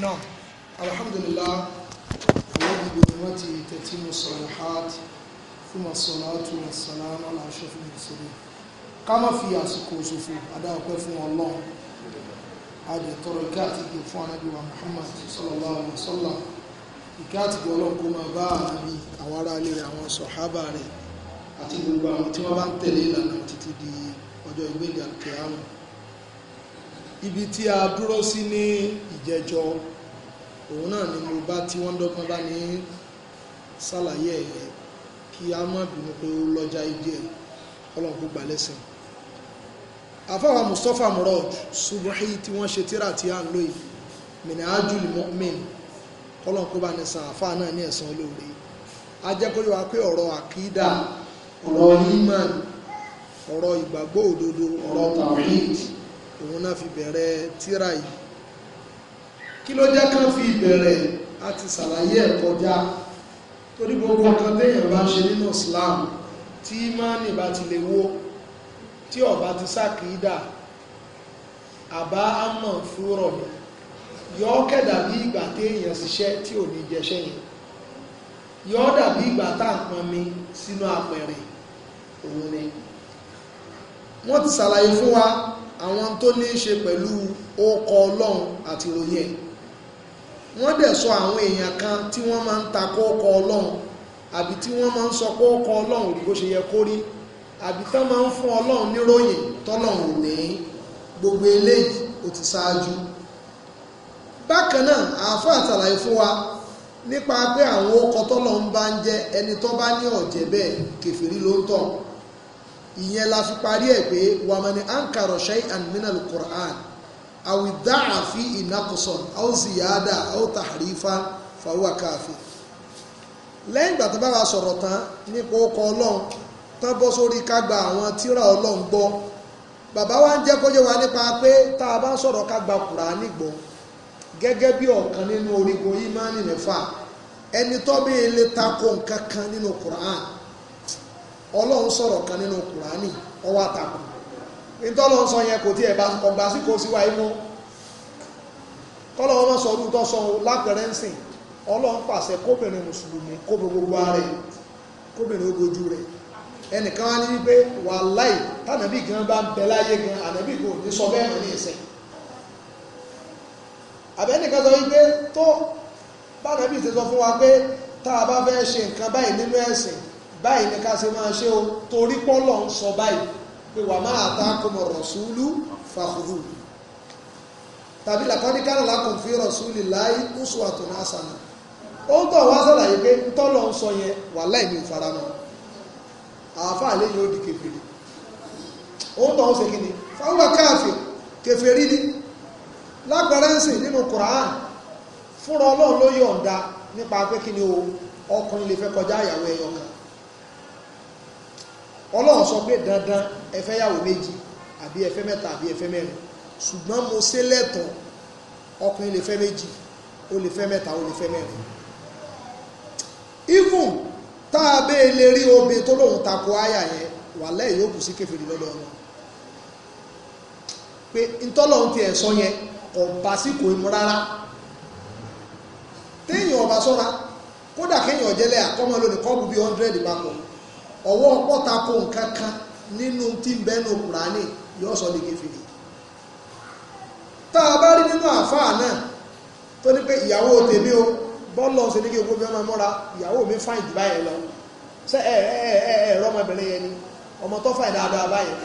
نعم الحمد لله الذي بنعمته تتم الصالحات ثم الصلاة والسلام على أشرف المرسلين كما في àsìkò ṣòfò adáwọ̀pẹ́ fún ọlọ́run adẹ̀tọ̀rọ̀ ìkẹ́ àti ìgbè fún anábíwa Muhammad sallallahu alaihi wasallam ìkẹ́ àti ìgbè ọlọ́run kó máa bá àmì àwọn ará ilé àwọn sọ̀hábà rẹ̀ àti gbogbo àwọn tí wọ́n bá ń tẹ̀lé ìlànà títí di ọjọ́ ìgbéǹde àkẹ́yàmù ibi tí a dúró sí ní ìjẹjọ òun náà ni mo bá tí wọ́n dọ́gbọ́n bá ní ṣàlàyé ẹ̀yẹ kí a má bínú pé ó lọ́jà ibi ẹ̀ ọlọ́run kó gbà lẹ́sìn afáwa Mustapha Murad Subuhi tí wọ́n ṣe tíra tí a ń lò yìí minahajul mu'min ọlọ́run kó bá ní san àfáà náà ní ẹ̀san olóore a jẹ́ kó yíwa pé ọ̀rọ̀ àkídà ọ̀rọ̀ iman ọ̀rọ̀ ìgbàgbọ́ òdodo ọ̀rọ̀ tawhid òun náà fi bẹ̀rẹ̀ tíra yìí kí ló jẹ́ kán fi ìbẹ̀rẹ̀ àti ṣàlàyé ẹ̀ kọjá torí gbogbo ọkàn téèyàn bá ń ṣe nínú Islam tí imáni bá ti lè wó tí ọba ti sàkídà àbá àmọ̀ fúrọ̀ yọ kẹ̀dà bí ìgbà téèyàn ṣiṣẹ́ tí ò ní jẹṣẹ́ yẹn yọ dàbí ìgbà tá à pọn mi sínú apẹ̀rẹ̀ òun ni wọ́n ti ṣàlàyé fún wa àwọn tó ní í ṣe pẹ̀lú ókọ ọlọ́run àti ìròyìn ẹ̀ wọ́n dẹ̀ sọ àwọn èèyàn kan tí wọ́n máa ń ta kó ókọ ọlọ́run àbí tí wọ́n máa ń sọ pé ókọ ọlọ́run rí bó ṣe yẹ kó rí àbí tán máa ń fún ọlọ́run níròyìn tọ́lọ́run ní gbogbo eléyìí ó ti ṣáájú bákan náà àáfàá àtàlàyé fún wa nípa pé àwọn ókọ tọ́lọ́run bá ń jẹ́ ẹni tó bá ní ọ̀jẹ̀ bẹ́ẹ̀ kèfèrí ló ń tọ̀ ìyẹn la fi parí ẹ̀ pé wàmọ̀ni ankara shay'an minal Qur'an àwìdáà fi ìnákọsọ̀n aw ziyada aw tahrifa fahuwa kafir lẹ́yìn ìgbà tó bá wa sọ̀rọ̀ tán nípa ọkọ ọlọ́run tán bọ́ sórí ká gba àwọn tíra ọlọ́run gbọ́ bàbá wa ń jẹ́ kó yé wa nípa pé tá a bá ń sọ̀rọ̀ ká gba Kùránì gbọ́ bí ọ̀kan nínú orígun ìmánì mẹ́fà ẹni tó bí ilé tako nǹkan kan nínú Kùránì ọlọ́run sọ̀rọ̀ kan nínú kùránì ọwọ́ àtàkù ìtọ́lọ́run sọ yẹn kò tí ẹ̀ bá ọgbà sí kò síwá imú kọ́lọ́run mọ́ sọ̀rọ̀ tó sọ lápẹ̀rẹ́ ń sìn ọlọ́run pàṣẹ kóbìnrin mùsùlùmí kóbi gbogbo rẹ̀ kóbìnrin ogójú rẹ̀ ẹnìkan wá ní wípé wàláì tànàbí gan bá ń bẹ láyé gan ànàbí kò ní sọ bẹ́ẹ̀ ní ìsìn àbẹ́nìkan sọ wípé tó bánàbí ti sọ fún wa pé tá a bá fẹ́ ṣe nǹkan báyìí nínú ẹ̀sìn báyìí ni ká ṣe máa ṣe o torí pọ́lọ̀ ń sọ báyìí pé wà máa ta kọmọ̀ rọ̀súlù fàkùrù tàbí làkọ́dí kánàlá kò fi rọ̀súlì láì kúsù àtúnà àṣàlà ó ń tọ̀ wá sàlàyé pé ń tọ́lọ̀ ń sọ yẹn wà láì ní ìfaramọ́ àáfà àlẹ́ yóò di kèfèrè ó ń tọ̀ ń ṣe ni fáwọn káàfì kèfèrè ní lápẹrẹnsì nínú Qur'an fúnra Ọlọ́run ló yọ̀ǹda nípa pé kí ni o ọkùnrin lè fẹ́ kọjá ìyàwó ẹyọ ọlọ́run sọ pé dandan ẹ fẹ́ yàwó méjì àbí ẹ fẹ́ mẹ́ta àbí ẹ fẹ́ mẹ́rin ṣùgbọ́n mo ṣe lẹ́tọ̀ọ́ ọkùnrin lè fẹ́ méjì ó lè fẹ́ mẹ́ta ó lè fẹ́ mẹ́rin even tá a bẹ́ẹ̀ lè rí obìn tó lóun takò àyà yẹn wà lẹ́yìn yóò kù sí kẹfìrì lọ́dọ̀ ọ̀nà pé ntọ́lọ́run ti ẹ̀ sọ yẹn kò bá sí kò mú rárá téèyàn ọba sọ́ra kódà kéèyàn jẹ́lẹ̀ àkọ́mọ́ lónìí kọ́ọ̀bù bíi hundred papọ̀ ọwọ́ pọ́tako nǹkan kan nínú tí ń bẹ́nu kùránì yóò sọ ní kẹfìrí tá a bá rí nínú àáfàá náà tó ní pé ìyàwó tèmi o bọ́ọ̀lù ọ̀sẹ̀ ní kí ewu bí ọmọ mọ́ra ìyàwó mi fáìn jù báyẹn lọ ṣe ẹ ẹ ẹ ẹ ẹ̀rọ ọmọbìnrin yẹn ni ọmọ tó fáìn dáadáa báyẹn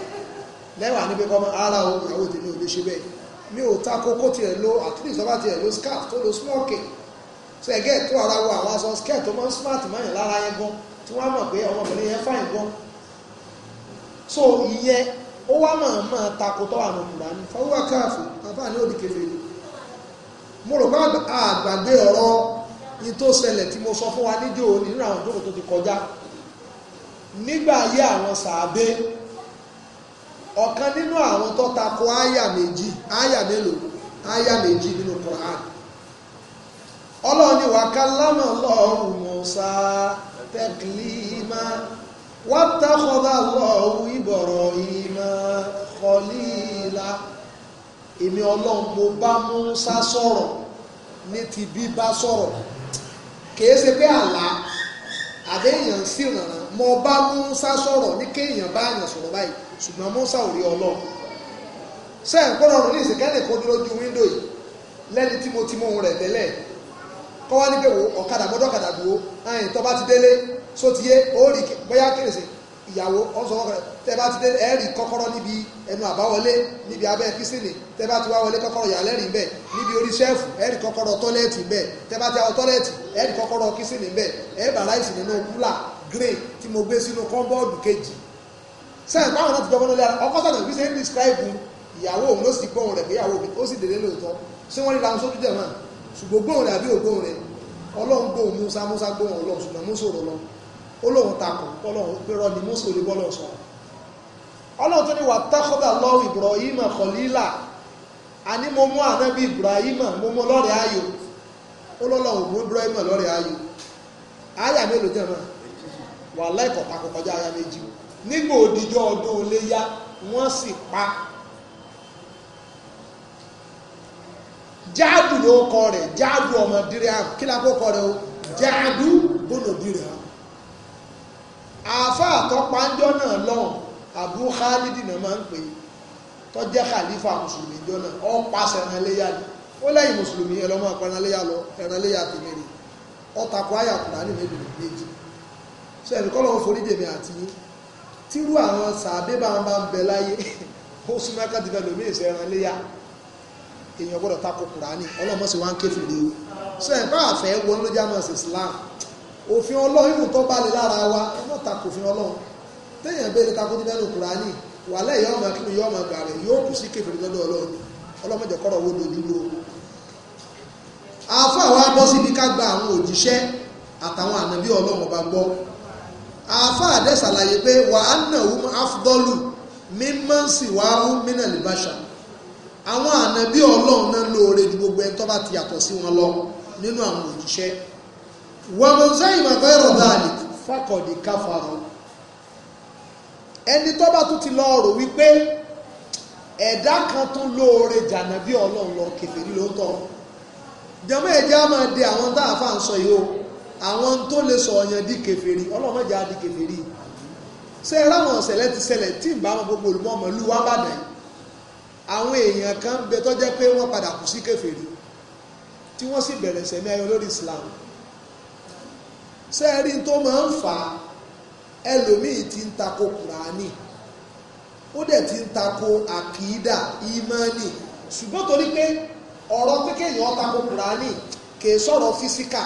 lẹ́wà ní pé ara o ìyàwó tèmi ò lè ṣe bẹ́ẹ̀ mi ò ta kókó tiẹ̀ lo àtúndì sọ́ba tiẹ̀ lo scarf tó lo smoking ṣe ẹ̀gẹ́ tó ara wọ àwọn aṣọ skirt tó máa smart máa yàn lára yẹn gan tí wọ́n mọ̀ pé ọmọbìnrin yẹn fáìn gan so ìyẹn ó wá mọ̀ mọ̀ takotọ́ àwọn Kùránì fọwọ́ káàfù àfáàní òdì kèfèrí mo rò bá àgbàgbé ọ̀rọ̀ ní tí mo sọ fún wa níjó nínú àwọn ìjókòó tó ti kọjá nígbà ayé àwọn sàábé ọ̀kan nínú àwọn tó tako áyà méjì áyà mélòó áyà méjì nínú تكليما واتخذ الله إبراهيم خليلا èmi ọlọ́run mo bá Mùsá sọ̀rọ̀ ní ti bíbá sọ̀rọ̀ kìí ṣe pé àlá àbẹ́yàn sì rànà mo bá Mùsá sọ̀rọ̀ ní kéèyàn bá àyàn sọ̀rọ̀ báyìí ṣùgbọ́n Mùsá ò rí ọlọ́run sẹ́yìn kọ́nà ọ̀run ní ìsìnkẹ́lẹ̀ kó dúró ju wíńdò yìí lẹ́ni tí mo ti mú òun rẹ̀ tẹ́lẹ̀ kọ́ wá níbẹ̀ wò ọ̀kadà gbọ́dọ̀ ọ̀kadà dúró ẹ̀yìn tó bá ti délé só ti yé ó rí bóyá kérésì ìyàwó ọ̀sọ̀kọ̀ tẹ́ bá ti délé ẹ̀ rí kọ́kọ́rọ́ níbi ẹnu àbáwọlé níbi abẹ́ kísìnì tẹ́ bá ti wá wọlé kọ́kọ́rọ́ yàrá rìn bẹ́ẹ̀ níbi orí sẹ́ẹ̀fù ẹ̀ rí kọ́kọ́rọ́ tọ́lẹ́ẹ̀tì bẹ́ẹ̀ tẹ́ bá ti àwọn tọ́lẹ́ẹ̀tì ẹ̀ kọ́kọ́rọ́ kísìnì bẹ́ẹ̀ ẹ̀ bá láìsì nínú kúlà grey tí mo gbé sínú kọ́ńbọ́ọ̀dù kejì sẹ́yìn báwọn náà ti jọgbọ́n lórí ara ọkọ̀ sọ̀tàn fi ṣe ń describe ìyàwó òun ló sì gbọ́n rẹ̀ pé ìyàwó òun ó sì délé lóòótọ́ ṣé wọ́n rí làwọn sójú jẹ̀ náà ṣùgbọ́n gbóhùn rẹ̀ àbí ògbóhùn rẹ̀ ọlọ́run gbóhùn Musa Musa gbóhùn ọlọ́run ṣùgbọ́n Musa rọ̀ lọ ó lóun takò ọlọ́run pé rọ ni Musa olè bọ́lọ̀ sọ ọlọ́run tó ní wà tákọ́bà lọ́wọ́ Ibrahim kọ̀lílà àní mo mú ànábì Ibrahim mo mú lọ́rẹ̀ ayò ó lọ́lọ́run mú Ibrahim lọ́rẹ̀ ayò àyà mélòó jẹ́ náà wà láìkọ̀tà kọkọjá aya méjì nígbà òdìjọ́ ọdún léyá wọ́n sì pa jáàdù ló kọ rẹ̀ jáàdù ọmọ diriam kí ni akókọ rẹ̀ o jáàdù bọ́nà diriam àáfà àtọ́pánjọ́ náà lọ́hùn àbú khalidi náà máa ń pè tó jẹ́ khalifa mùsùlùmí jọ náà ó pàṣẹ ẹran léyà ni ó lẹ́yìn mùsùlùmí ẹ lọ́mọ àpò ẹran léyà lọ ẹran léyà tèmi rè ọ̀tàkùn àyà kùránì méjì méjì ṣe ẹ̀rí kọ́ lọ́wọ́ forí dèmi àti yín tírú àwọn sàbẹ́bà ń ń bẹ láyé ó súnmọ́ ká lómi ìṣẹ́ ẹran léyà èèyàn gbọ́dọ̀ tako kùránì ọlọ́mọ sì wá ń kéfìrí o sọ ẹ̀ bá àfẹ́ wọnú ló jámọ́ sí Islam òfin ọlọ́run ìlú tó bá lára wa ẹ mọ̀ tako òfin ọlọ́run téèyàn bẹ́ẹ̀ lè tako ní bẹ́ẹ̀ ní kùránì wàhálà ìyá ọmọ akínú ìyá ọmọ àgbàrẹ̀ yóò kù sí kéfìrí lọ́dọ̀ ọlọ́run ọlọ́mọdé kọ́rọ̀ wo lójúlú o. àáfà wa bọ́ síbi ká gba àwọn òjíṣẹ́ àtàwọn ànábí ọlọ́run ọba gbọ́ àáfà àdẹ́sàlàyé pé wàhánà òun afdọ́lù mímọ́sì wàhún mínà lè bá ṣàmù àwọn ànábí ọlọ́run náà lóore ní gbogbo ẹni tó bá ti yàtọ̀ sí wọn lọ nínú àwọn òjíṣẹ́ wàmọ̀sáyìn màgbẹ́ rọ̀dàlì fàkọ̀dì káfàrọ̀ ẹni tó bá tún ti lọ rò wípé ẹ̀dá kan tún lóore jànábí ọlọ́run lọ kèfèrí lóòótọ́ jẹ́mọ́ ẹ̀jẹ̀ á máa de àwọn tá a fà ń sọ yìí o àwọn tó lè sọ ọ̀yàn di kèfèrí ọlọ́run mọ̀jà di kèfèrí ṣé ẹ ráwọn ọ̀sẹ̀lẹ̀ ti ṣẹlẹ̀ tí ì àwọn èèyàn kan ń bẹ tó jẹ́ pé wọ́n padà kú sí kèfèrí tí wọ́n sì bẹ̀rẹ̀ sẹ̀mí ayọ̀ lórí Islam sẹ́ẹ̀rí tó máa ń fà á ẹlòmíì ti ń tako Kùránì ó dẹ̀ ti ń tako àkìídà ìmánì ṣùgbọ́n torí pé ọ̀rọ̀ pé tako Kùránì kì í sọ̀rọ̀ físíkà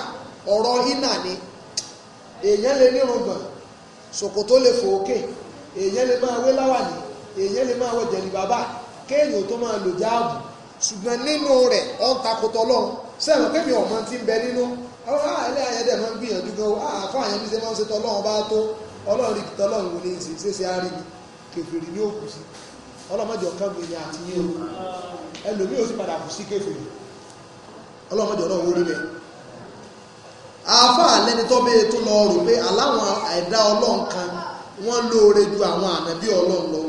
ọ̀rọ̀ iná ni èèyàn lè nírùngbọ̀n ṣòkòtò lè fò òkè èèyàn lè máa wé láwàní èèyàn lè máa wọ jẹ̀lì bàbá kéèyàn tó máa lò jáàbù ṣùgbọ́n nínú rẹ̀ ọ̀ ń takòtò ọlọ́run sẹ́wọ̀n kémi ọ̀mọ ti ń bẹ nínú ọlọ́run ilé ayẹ́dẹ̀ máa ń gbìyànjú gan o àfa àyàn bí ṣe máa ń ṣe tọ́lọ́run bá tó ọlọ́run rí wò ní ni o ẹlòmíì ò sì padà kù sí ọlọ́mọdé ọlọ́run wórí bẹ́ẹ̀ bẹ́ẹ̀ tó lọ rò pé aláwọn ọlọ́run kan wọ́n lóore ju àwọn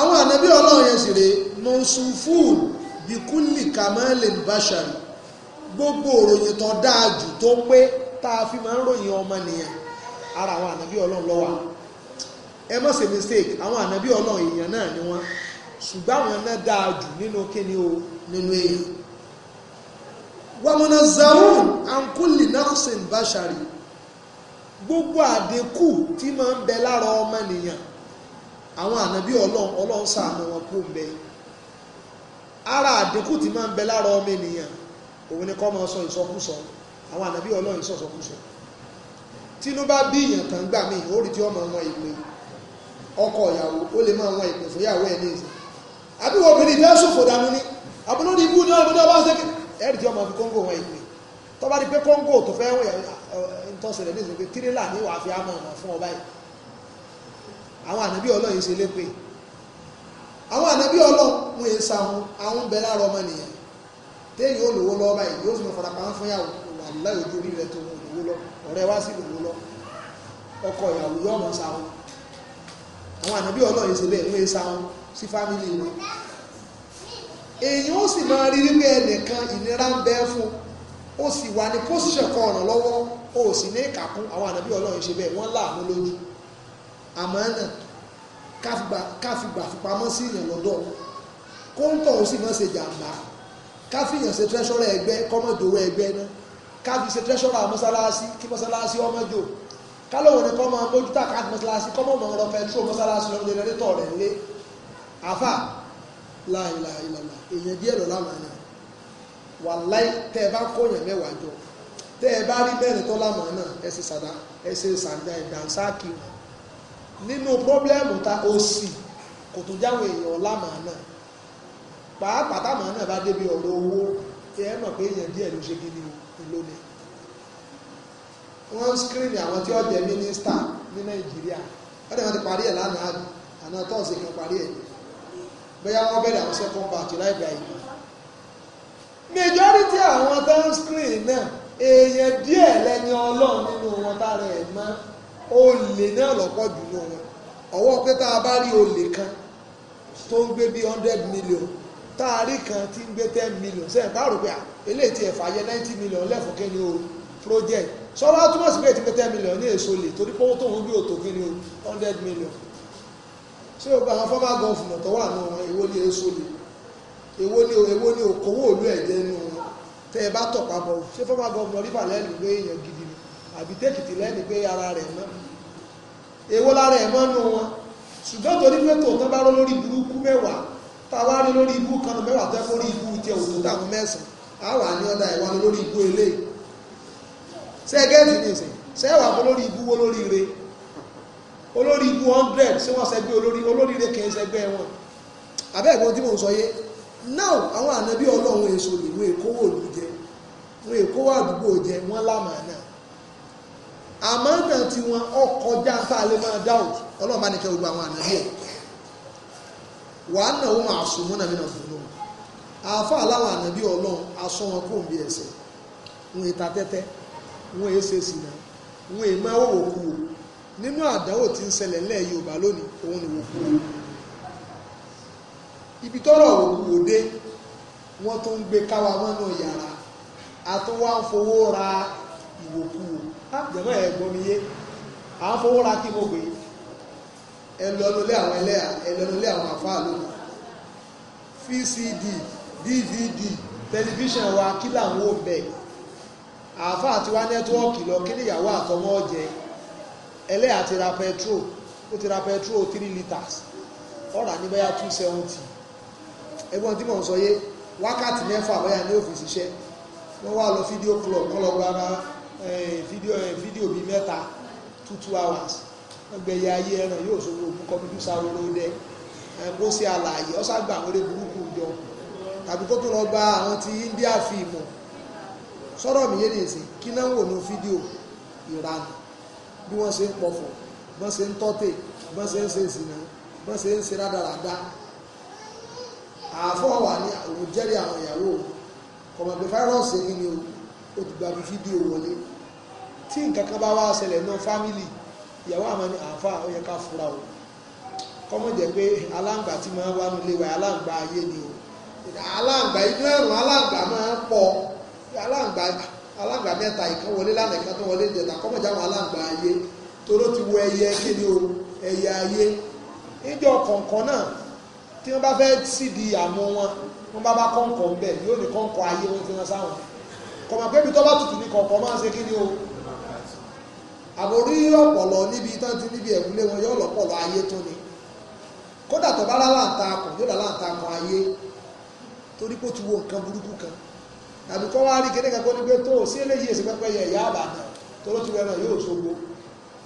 àwọn ànábí ọlọ́run yẹn sì rè mọ̀nsúfùn bíkúlì gbogbo òròyìn tó dáa jù tó pé tá a fi máa ń ròyìn ara àwọn ànábí ọlọ́run ló ẹ mistake àwọn ànábí ọlọ́run èèyàn náà ni wọ́n ṣùgbọ́n àwọn náà dáa jù nínú kíni o gbogbo àdínkù tí máa ń bẹ àwọn ànábí ọlọ́run ọlọ́run ṣàánú wọn kó mbẹ ara àdínkù tí máa ń bẹ lára ọmọ ènìyàn òun ni kọ́ máa sọ ìsọkúsọ àwọn ànábí ọlọ́run ìsọsọkúsọ tínú bá bí èèyàn kan gbà mí ó rí tí ọmọ wọn ìpè ọkọ ìyàwó ó lè máa wọn ìpè fúyàwó ẹ̀ ní ìsìn obìnrin ìfẹ́ sòfò dànù ni àbúrò ní ibú ní ọdún ọba ṣe kí ẹ̀rì tí ọmọ fi kóńgò wọn ìpè tọ́ba di pé kóńgò tó fẹ́ wọ̀ ẹ̀ ń tọ́sẹ̀lẹ̀ ní ìsìn pé tírélà ní wàá fi á mọ̀ ọ̀nà fún ọba yìí àwọn ànábí ọlọ́run ṣe lépè àwọn ànábí ọlọ́run wọn yẹn sahun àwọn ń bẹ lára ọmọ nìyẹn téèyàn olówó lọ báyìí yóò sì mọ farapa ń fún yàwó wà láì ojú orí rẹ tó wọn olówó lọ ọ̀rẹ́ wá sí olówó lọ ọkọ ìyàwó yóò mọ sahun àwọn ànábí ọlọ́run ṣe bẹ́ẹ̀ wọn yẹn sahun sí fámìlì wọn èèyàn ó sì máa rí wípé ẹnìkan ìnira ń bẹ fún ó sì wà ní pósíṣàn kan ọ̀ràn lọ́wọ́ ó sì ní ìkàkún àwọn ànábí ọlọ́run ṣe bẹ́ẹ̀ wọ́n láàánú lójú àmánà káfìgbà fipamọ́ sí ìyàn lọ́dọ̀ kóńtọ̀ ó sì máa ṣe jàǹbá káfìyàn ṣe tẹ́ṣọ́rọ̀ ẹgbẹ́ kọ́mọ̀dówó ẹgbẹ́ náà káfì ṣe tẹ́ṣọ́rọ̀ àmọ́sálásí kí mọ́sálásí ọmọdò kálọ̀wọ̀ ni kọ́ máa mójútà káàkiri mọ́sálásí kọ́mọ̀ mọ̀ ọ̀rọ̀ pẹ̀tró mọ́sálásí lọ́wọ́ jẹnẹrétọ̀ rẹ̀ lé àfà láìláìlàlà èèyàn díẹ̀ lọ láwọn àná wàláì tẹ́ ẹ bá kóyàn mẹ́wàá jọ tẹ́ ẹ bá rí bẹ́ẹ̀ tó láwọn àná ẹ ṣe sàdá ẹ ṣe sàdá ìgbà sáàkì wọn nínú pọ́blẹ́mù ta òsì kò tó jáwọn èèyàn lámàá náà pàápàá táwọn náà bá débi ọ̀rọ̀ owó ẹ mọ̀ pé èèyàn díẹ̀ ló ṣe gidi ìlónìí wọ́n ń skírìnì àwọn tí ó jẹ́ mínísítà ní nàìjíríà wọ́n dẹ̀ wọ́n ti parí ẹ̀ lánàá àná tọ́sí kan parí ẹ̀ bóyá wọ́n bẹ̀rẹ̀ àwọn second batch láìpẹ́ àìpẹ́ majority àwọn tó ń skírìnì náà èèyàn díẹ̀ lẹ́ni ọlọ́run nínú wọn tá rẹ̀ mọ́ olè náà lọ́pọ̀ jù lọ wọn ọwọ́ pé a bá rí olè kan tó ń gbé bíi hundred million tá a rí kan tí ń gbé ten million sẹ́yìn bá rò pé à eléyìí ti ẹ̀fà yẹ ninety million lẹ́fọ̀ọ́ kẹ́ni o project sọ́wọ́ á túmọ̀ sí pé ètí pé ten million ní èso lè torí pé owó tóun gbé òtò kẹ́ni o hundred million ṣé o gba àwọn former governor tó wà nù wọn èwo ní èso lè èwo ní èwo ní okòwò òlú ẹ̀jẹ̀ nù wọn tẹ́ ẹ bá tọ̀ papọ̀ ṣé former governor rí fàlẹ́ lù gbé èèyàn gidi àbí tèkìtì lẹ́ni pé ara rẹ̀ mọ́ èwo lára ẹ̀ mọ́nu wọn ṣùgbọ́n torí pé tòótọ́ bá rọ lórí burúkú mẹ́wàá táwa rí lórí ibú kanu mẹ́wàá tó kó rí ibú tí ò tó táwọn mẹ́sàn-án á wà ní ọ̀dà ìwà lórí ibú eléyìí sẹ́gẹ́tì nìsín sẹ́wà kó lórí ibú wó lórí ire olórí ibú 100 sí wọ́n sẹ́gbẹ́ olórí olórí ire kìí sẹ́gbẹ́ wọn abẹ́ẹ̀gbọ́n tí mò ń sọ yé now àwọn ànábí ọlọ́run èso lè wọ́n èkó wò ló jẹ wọ́n èkó wà àdúgbò jẹ wọ́n lámàá náà àmọ́nà tí wọn ọkọjá tá a lè máa bá gbogbo àwọn ànábì wàá nà wọn àsùnmọ́ nàmí nà fún un àáfà wọn kò ń bí ẹsẹ̀ wọn tẹ́tẹ́ wọn sí náà wọn kú o nínú tí ń ibi tọ́rọ̀ wò kú o dé wọ́n tún gbé ra jẹ̀mọ́ ẹ̀ gbọ́ mi yé à ń fowó ra kí mo gbé ẹ lọ́nu lé àwọn ẹlẹ́à ẹ lọ́nu lé àwọn àfáà lónìí vcd dvd tẹlifíṣàn wa kí làwọn ò bẹ̀ àfáà ti wá nẹ́tíwọ́ọ̀kì lọ kí níyàwó àtọmọ́ jẹ ẹlẹ́à ti ra petrol ó ti ra petrol three litres ọ̀rà ní bẹ́yà two seventy ẹgbọ́n tí mò ń sọ yé wákàtí mẹ́fà bẹ́yà ní òfin ṣiṣẹ́ wọ́n wá lọ fídíò club kọ́ lọ gba ara fídíò eh, eh, bíi mẹ́ta two two hours ẹgbẹ̀yẹ ayé ẹran yóò sọ gbogbo kọ́mídúsá olóòdẹ kó ṣe àlàyé ọ̀sàgbà àwọn eré burúkú jọ tàbí kó tó lọ bá àwọn ti India fíìmù sọ̀rọ̀ mi yé nìyẹn kí náà wò ní fídíò ìranù bí wọ́n ṣe ń pọ̀fọ̀ bọ́n ṣe ń tọ́tè bọ́n ṣe ń ṣe ìsìnà bọ́n ṣe ń ṣe rádaràda àáfọ̀ wà ní òun jẹ́rìí àwọn ìyàwó kọ̀mọ̀gbẹ́ fáírọ́ọ̀sì ni o ó ti gbàgbé fídíò wọlé tí nǹkan kan bá wá ṣẹlẹ̀ náà fámìlì ìyàwó àmọ́ ni àáfà ó yẹ ká fura o kọ́mọ̀ jẹ́ pé aláǹgbà tí máa wá nílé wa ayé ni o aláǹgbà inú ẹ̀rùn aláǹgbà máa ń pọ̀ aláǹgbà aláǹgbà mẹ́ta ìkan wọlé lánàá ìkan tó aláǹgbà ayé toró ti wo ẹyẹ o ẹyẹ ayé níjọ kọ̀ọ̀kan náà tí wọ́n bá fẹ́ àmú wọn wọn fi àbórí ọ̀pọ̀lọ níbi tán ti níbi ẹ̀kúlé wọn yóò lọ́pọ̀lọ ayé tó ni kódà tó bá láǹta akùn yóò dá láǹta akùn ayé torí pé ó ti wo nǹkan burúkú kan tàbí kọ́ wá rí kéde kan kó ní pé tó sí eléyìí èsì pẹ́pẹ́ yẹ ẹ̀yà àbàdàn tó ló ti rẹ̀ náà yóò ṣogbo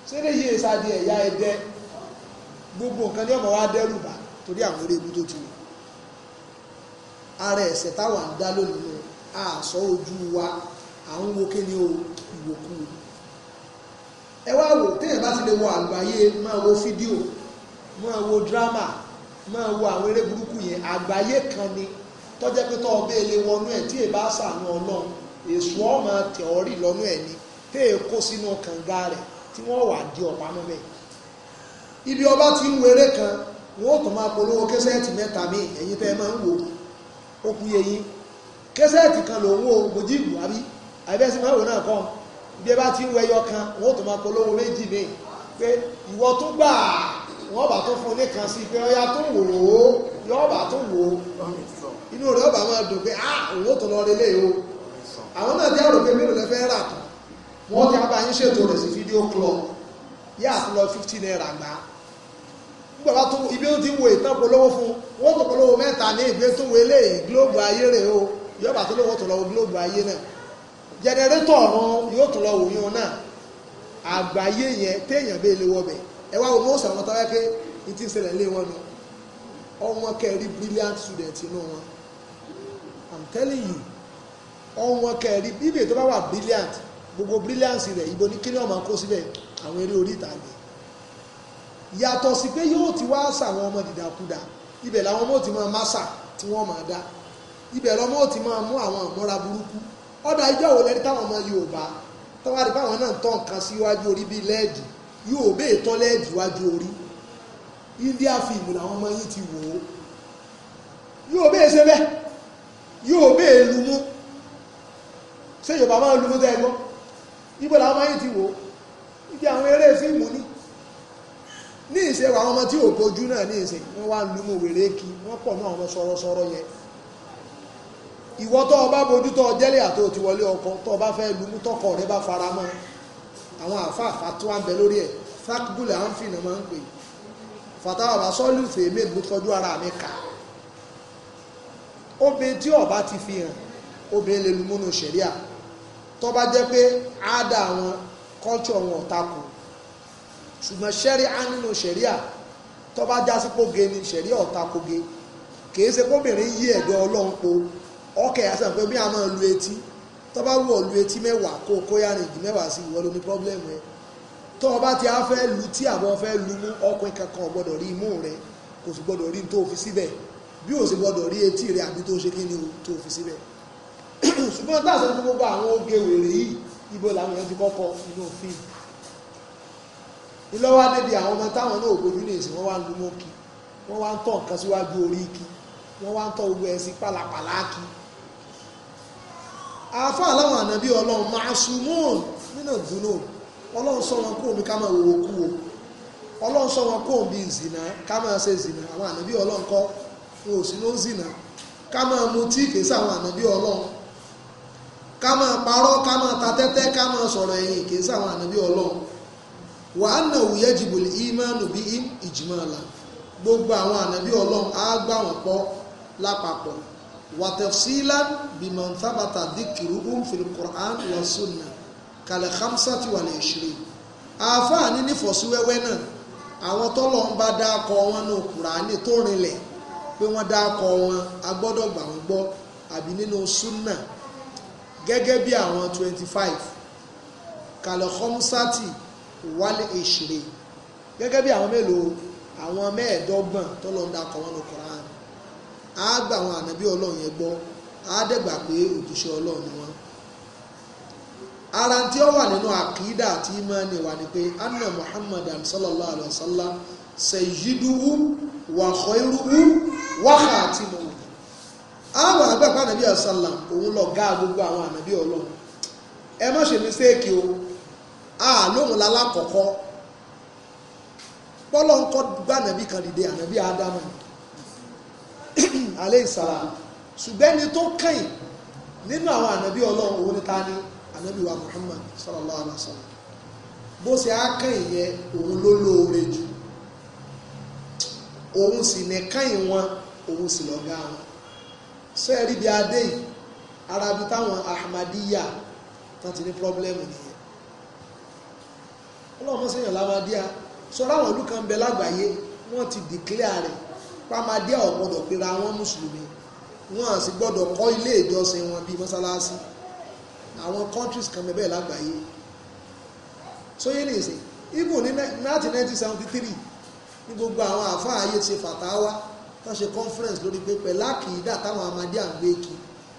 sí eléyìí èsì adìẹ ẹ̀yà ẹ̀dẹ́ gbogbo nǹkan ní ọmọ wa dẹ́rù bà torí àwọn eré ibi tó ti wò ara ẹ̀sẹ̀ táwa ń dá lónìí àṣọ ojú wa à ń wo o ìwòkú ẹ wá wò téèyàn bá ti lè wo àgbáyé máa wo fídíò máa wo dírámà máa wo àwọn eré burúkú yẹn àgbáyé kan ni tọ́jẹ́ pé tọ́ ọbẹ̀ lè wọnú ẹ̀ tí èèbá sànú ọlọ́run èso ọmọ tẹ̀ọ́rì lọ́nú ẹ̀ ni téè kó sínú kànga rẹ̀ tí wọ́n wà di ọ̀pá mọ́mẹ́ ibi ọba ti ń weré kan wọ́n tó máa polówó kẹsẹ́ẹ̀tì mẹ́ta míì ẹ̀yin tẹ́ ẹ máa ń wò ó kú yẹ kẹsẹ́ẹ̀tì kan lòun ò gbòjì ìlú àbí àbẹ́sí máa wò náà kọ́ ọ́n bí ẹ bá ti ń wẹ ẹyọ kan wọn ò tó máa polówó méjì ní pé ìwọ tó gbà wọn bá tó fún oníkan sí pé ọyá tó wò ó yọ bá tó wò ó inú rẹ ọba máa dùn pé ah òun ò tó lọ relé o àwọn náà jẹ́ òròpé mélòó lẹ fẹ́ rà tán wọ́n ti bá yín ṣètò rẹ̀ sí fídíò club yá àti lọ fifty naira gbà nígbà bá tó ibi ó ti wo ìtàn polówó fún wọn tó polówó mẹ́ta ní ìgbésùn wọlé globe ayé rẹ̀ o yọba tó lówó tó lọ globe ayé náà jẹnẹrétọ̀ ọ̀run yóò tún lọ wòye wọn náà àgbáyé yẹn téèyàn bẹ́ẹ̀ lé wọ́bẹ̀ ẹ wá wo mọ́ọ̀sì àwọn tọ́wọ́ pé n ti ń ṣẹlẹ̀ lé wọn nu ọmọ kẹrí brilliant student inú wọn i'm telling you ọmọ kẹrí bíbè tó bá wà brilliant gbogbo brilliance rẹ̀ ibo ní kíni ọmọ kó síbẹ̀ àwọn eré orí ìtàgé yàtọ̀ sí pé yóò ti wá sàwọn ọmọ dìdàkudà ibẹ̀ làwọn ọmọ ò ti máa máṣà tí wọ́n máa dá ibẹ̀ lọ́mọ ò ti máa mú àwọn àmọ́ra burúkú ọ̀dà ìjọ wo lẹ́ni táwọn ọmọ Yorùbá táwọn àdìpá àwọn náà ń tọ́ nǹkan síwájú orí bíi lẹ́ẹ̀dì yóò bẹ́ẹ̀ tọ́ lẹ́ẹ̀dì wájú orí India film làwọn ọmọ yìí ti wò ó yóò bẹ́ẹ̀ ṣe bẹ́ẹ̀ yóò bẹ́ẹ̀ lu mú ṣé Yorùbá máa lu mú tẹ́ ẹ gbọ́ ibo làwọn ọmọ yìí ti wò ó ibi àwọn eré fíìmù ni ní ìṣe àwọn ọmọ tí ò kojú náà ní ìṣe wọ́n wá lu wèrè kí wọ́n pọ̀ náà ọmọ sọ̀rọ̀sọ̀rọ̀ yẹn ìwọ tó ọba bójú tó ọjẹ́lẹ̀ àti òtí wọlé ọkọ tó ọba fẹ́ lumú tọkọ rẹ bá fara mọ́ àwọn àfáàfà tó wà ń bẹ lórí ẹ̀ fákbùlẹ̀ à ń fìnà máa ń pè fàtàwà bá sọ́ọ́lù fèémé ló tọ́jú ara mi kà obìnrin tí ọba ti fi hàn obìnrin lè lumú nu ṣẹ̀ríà tó bá jẹ́ pé àádá àwọn kọ́ńtù ọ̀hún ọ̀tá kù ṣùgbọ́n ṣẹ́rí á nínú ṣẹ̀ríà tó bá jásí kóge ni ṣẹ̀ríà ọ̀tá kóge kì í ṣe kóbìnrin yí ẹ̀dọ́ ọlọ́run po ọkẹ́ àṣà pé bí a máa lu etí tó bá wù lu etí mẹ́wàá kó kó yá rìndì mẹ́wàá sí ìwọ ló pọ́blẹ́mù ẹ tó o bá ti á fẹ́ lu tí àbọ̀ fẹ́ lu mú ọkùnrin kankan ò gbọ́dọ̀ rí imú rẹ kò sì gbọ́dọ̀ rí tó o fi síbẹ̀ bí o sì gbọ́dọ̀ rí etí rẹ àbí tó o ṣe kí ni o tó o fi síbẹ̀ ṣùgbọ́n táà sọ fún gbogbo àwọn oge wèrè yìí ibo làwọn èèyàn ti kọ́kọ́ inú òfin ìlọ́wọ́ débi àwọn ọmọ táwọn náà ògbójú ní ìsìn wọ́n wá ń lu mọ́kì wọ́n wá ń tọ̀ nǹkan síwájú orí kí wọ́n wá ń tọ́ gbogbo ẹ̀sìn pàlàpàlà kí àáfà ala ànábí ọlọ́run màásùmùn nínú ìdùnnú ọlọ́run sọ wọn kóòmù ká máa wòwò kú o ọlọ́run sọ wọn kóòmù bíi zìnà ká máa ṣe zìnà àwọn ànábí ọlọ́run kọ́ wọn ò sí ká máa mutí àwọn ká máa ká máa ta ká máa àwọn gbogbo àwọn anabi á gbà lápapọ̀ وتفصيلا بمن ثبت ذكرهم في القرآن والسنة كالخمسة والعشرين àfáàní nífọ̀síwẹ́wẹ́ náà àwọn tọ́lọ̀ ń bá dáàkọ wọn nínú kùránì tó rinlẹ̀ pé wọ́n dáàkọ wọn a gbọ́dọ̀ gbà wọ́n gbọ́ àbí nínú súnà gẹ́gẹ́ bí àwọn twenty five kàlẹ́kọ́mùsátì wálé èṣèré gẹ́gẹ́ bí àwọn mélòó àwọn mẹ́ẹ̀ẹ́dọ́gbọ̀n tọ́lọ̀ ń dáàkọ wọn nínú kùránì. agba gba àwọn ọlọ́run yẹn gbọ́ á dẹ̀gbà pé òjíṣẹ́ ọlọ́run ni wọ́n. ara tí ó wà nínú àkídà àti ìmánì wà ní pé anna muhammadan sallallahu alayhi wa sallam sayyiduhu wa khairuhu wa khatimuhu. àwọn òun lọ gá gbogbo àwọn ànàbí ọlọ́run ẹ má ṣe o lálákọ̀ọ́kọ́ ń kọ́ alẹ́ ìsàlá ṣùgbẹ́ ni tó kàn nínú àwọn ànábí ọlọ́run òun ni ta ni ànábí wa Muhammad sallallahu alaihi wa sallam bó ṣe á kàn yẹ òun ló lóore jù òun sì ní kàn wọn òun sì lọ́gá wọn sẹ́ẹ̀rí bíi adé yìí arabi táwọn ahmadiyya tán ti ní pọ́blẹ́mù nìyẹn ọlọ́run mọ́sẹ̀yàn lámadíà sọ láwọn ìlú kan bẹ lágbàáyé wọ́n ti dìklẹ́ rẹ̀ pàmádé ò gbọ́dọ̀ pera wọn mùsùlùmí wọn àti gbọ́dọ̀ kọ́ ilé ìjọsìn wọn bíi mọ́sálásí àwọn countries kan bẹ́ẹ̀ lágbàáyé sóyè lè ṣe ibo ní nineteen ninety seventy three ní gbogbo àwọn àfáà ayé ti fàtàwá tó ṣe conference lórí pé pẹ̀láàkìdá táwọn amadé àgbéèkì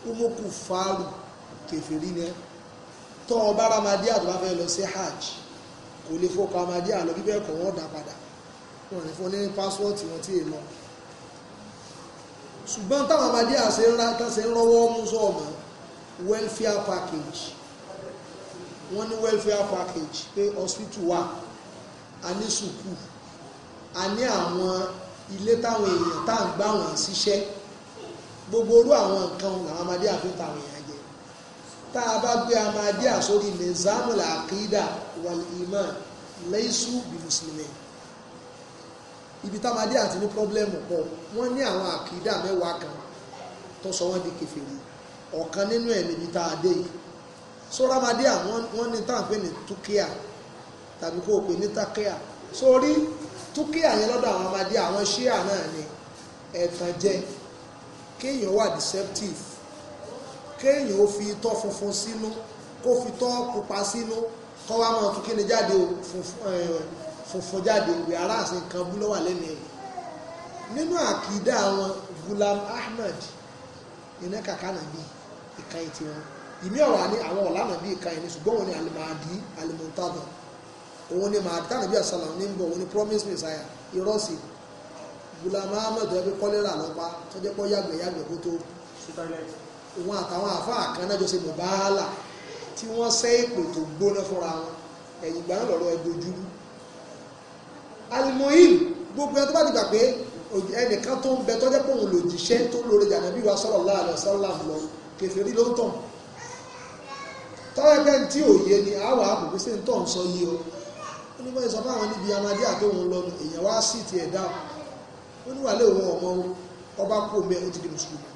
umoku faru kẹfìrí ni tọ́ ọba ramadé àtúbá fẹ́ lọ sí hajj kò lè fọkọ amadé àlọ́ bíbẹ́ ẹ̀kọ́ wọn dá padà wọn ní fún ní pásíwọ́ọ̀tì wọn tí èè lọ ṣùgbọ́n táwọn abadé àṣẹ ńlá tàṣẹ ńlọ́wọ́ mú sọ́ọ̀mọ́ welfare package wọ́n ní welfare package pé hospital wà a ní sùkúù a ní àwọn ilé táwọn èèyàn tá à ń gbà wọ́n síṣẹ́ gbogbo orú àwọn nǹkan làwọn amadé àfi táwọn èèyàn jẹ tá a bá gbé amadé àsórí nizamul akida wal iman laisu bí ibi támadé àti ní pọ́blẹ́mù pọ̀ wọ́n ní àwọn àkìdá mẹ́wàá kan tó sọ wọ́n di kèfèrí ọ̀kan nínú ẹ̀ níbi tá a dé yìí sóramadé àwọn wọ́n ní táwọn ní túkíà tàbí kó o pè ní tákíà sórí túkíà yẹn lọ́dọ̀ àwọn amadé àwọn ṣíà náà ni ẹ̀tàn jẹ kéèyàn wà deceptive kéèyàn ó fi tọ́ funfun sínú kó fi tọ́ pupa sínú kọ́ wa máa tún kí ni jáde funfun funfun jáde ìwé aráàsì nǹkan bú lọ́wà lẹ́nu ẹ̀ nínú àkìdá wọn Gulam Ahmad iná kàkà nàbí ìkan ètí wọn ìmí ọ̀wà ní àwọn ọ̀la nàbí ìkan ẹni ṣùgbọ́n wọn ni alimadi alimuntadọ òun ni mahadita nàbí asalam ní bọ̀ òun ni promise messiah ìrọ́sì Gulam Ahmad ẹbí kọ́lẹ́rà lọ́pa tó jẹ́ pọ́ yàgbẹ̀ yàgbẹ̀ kó tó òun àtàwọn àfáà kan náà jọ ṣe mọ̀báálà tí wọ́n sẹ́ ìpè tó gbóná fúnra wọn ẹ̀yìn gbà náà lọ́rọ̀ ẹgbẹ́ ojúlú alimohim gbogbo ẹni tó bá ti gbà pé ẹnìkan tó ń bẹ tọ́jẹ́ pé òun lòjíṣẹ́ tó lóore jàǹdàbí wa sallallahu alaihi wasallam lọ kèfèrí ló ń tàn tọ́wọ́ pé tí òye ni àwọ̀ àbùkù sí ń tàn sọ yìí o ó ní bọ́yìí sọ fún àwọn níbi amadé àtòhun lọ èèyàn wá sí ti ẹ̀dá ó ní wàlẹ́ òun ọmọ ọba kú omi ẹ̀ ó ti di mùsùlùmí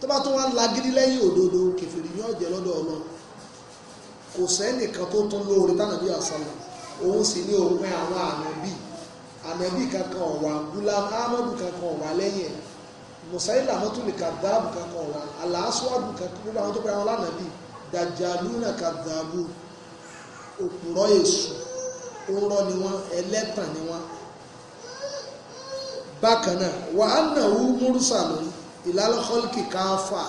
tó bá tún wá lagídí lẹ́yìn òdodo kèfèrí ní ọ̀jẹ̀ lọ́dọ̀ ọlọ kò sẹ́nìkan tó òun sì àwọn àmọ́ bíi ànẹ́bí kankan ọ̀wà gulam ahmadu kankan ọ̀wà lẹ́yìn ẹ̀ musaila mọ́tòlì kàdáàbù kankan ọ̀wà aláṣọ́àbù kankan gbogbo àwọn tó pẹ́ àwọn lánàbí dàjàlúnà kàdáàbù òpùrọ̀ èṣù òǹrọ̀ ni wọn ẹlẹ́tàn ni wọn bákan wa wà á nà wú múrùsàlù ìlàlọ́kọ́lìkì káfà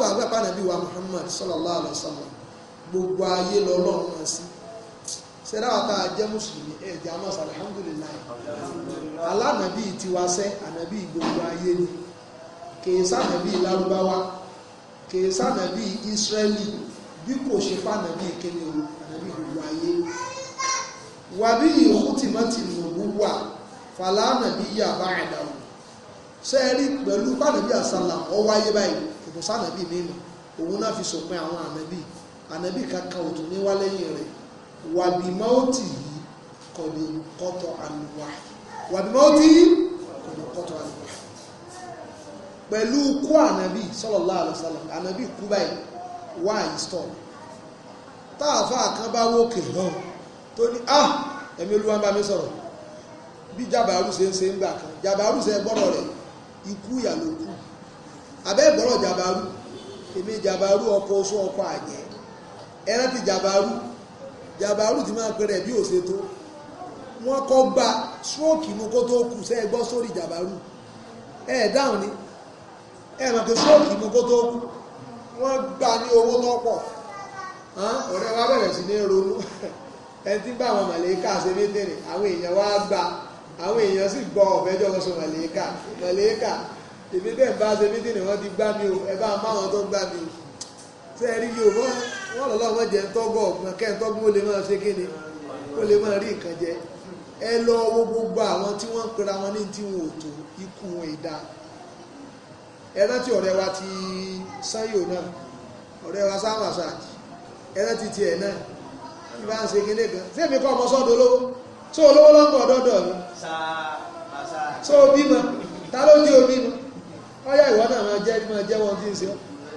wa muhammad sallallahu alayhi wa sallam gbogbo ayé sẹ́dáwàtà jẹ́ mùsùlùmí ẹ̀ jẹ́ àmọ́ alhamdulillah alánàbí tiwasẹ́ ànàbí gbogbo ayé ni kèé sànàbí lárúbáwá kèé sànàbí israẹli bí kò ṣe fànàbí kéde o ànàbí gbogbo ayé wàbí ìhùtìmọ́tì nùbúwà fàlànàbí yà bá àdàwọ̀ sẹ́ẹ̀rí pẹ̀lú fànàbí àsàlà ọwọ́ báyìí kò sànàbí mímọ́ òun náà fi sọ̀pin àwọn ànàbí ànàbí kankan ò tún lẹ́yìn rẹ̀ wàbímọ́tì yìí kọ̀dé kọ́tọ̀ àlùwà wàbímọ́tì yìí kọ̀dé kọ́tọ̀ àlùwà pẹ̀lú kú ànábì sallallahu alaihi ànábì kú báyìí táàfà kan bá wókè hàn tó ní ah ẹ̀mí olúwa ń bá mi sọ̀rọ̀ bí jàbàrú ṣe ń se ń gbà kan jàbàrú ṣe gbọ́dọ̀ rẹ̀ ikú ìyà ló kù abẹ́ gbọ́dọ̀ jàbáàrù ti máa pẹrẹ bí òṣè tó wọn kọ gba stroke inú kó tó kù sẹ́ ẹ gbọ́ sórí jàbáàrù ẹ ẹ dáhùn ni ẹ mọ̀ pé stroke inú kó tó kù wọn gba ní owó tó pọ̀ ọ̀rẹ́ wa bẹ̀rẹ̀ sí ní ronú ẹ ti bá àwọn màlẹ́kà ṣe méjèèrè àwọn èèyàn wá gba àwọn èèyàn sì gbọ́ ọ̀fẹ́jọ́ lọ́sọ màlẹ́kà màlẹ́kà èmi bẹ́ẹ̀ bá ṣe méjèèrè wọ́n ti gbá mi o ẹ bá máa wọn tó gbá mi o. sẹ́ẹ̀rí yorùbá wọn lọ́lọ́ wọn jẹ́ tọ́gọ̀ ọ̀gbọ̀n kẹ́ńtọ́gbọ̀n ó lè máa ṣe kí ni ó lè máa rí nǹkan jẹ ẹ lọ wo gbogbo àwọn tí wọ́n ń pera wọn ní tí wọn ò tó ikú wọn ìdá ẹ rántí ọ̀rẹ́ wa ti sanyo náà ọ̀rẹ́ wa sáwọn àṣàjì ẹ rántí tiẹ̀ náà kí bá ń ṣe kí nìkan sẹ́mi kọ́ ọmọ sọ́dọ̀ olówó tó olówó lọ́gbọ̀n ọ̀dọ́dọ̀ mi tó bímọ ta ló ní obímọ ọyá ìwọ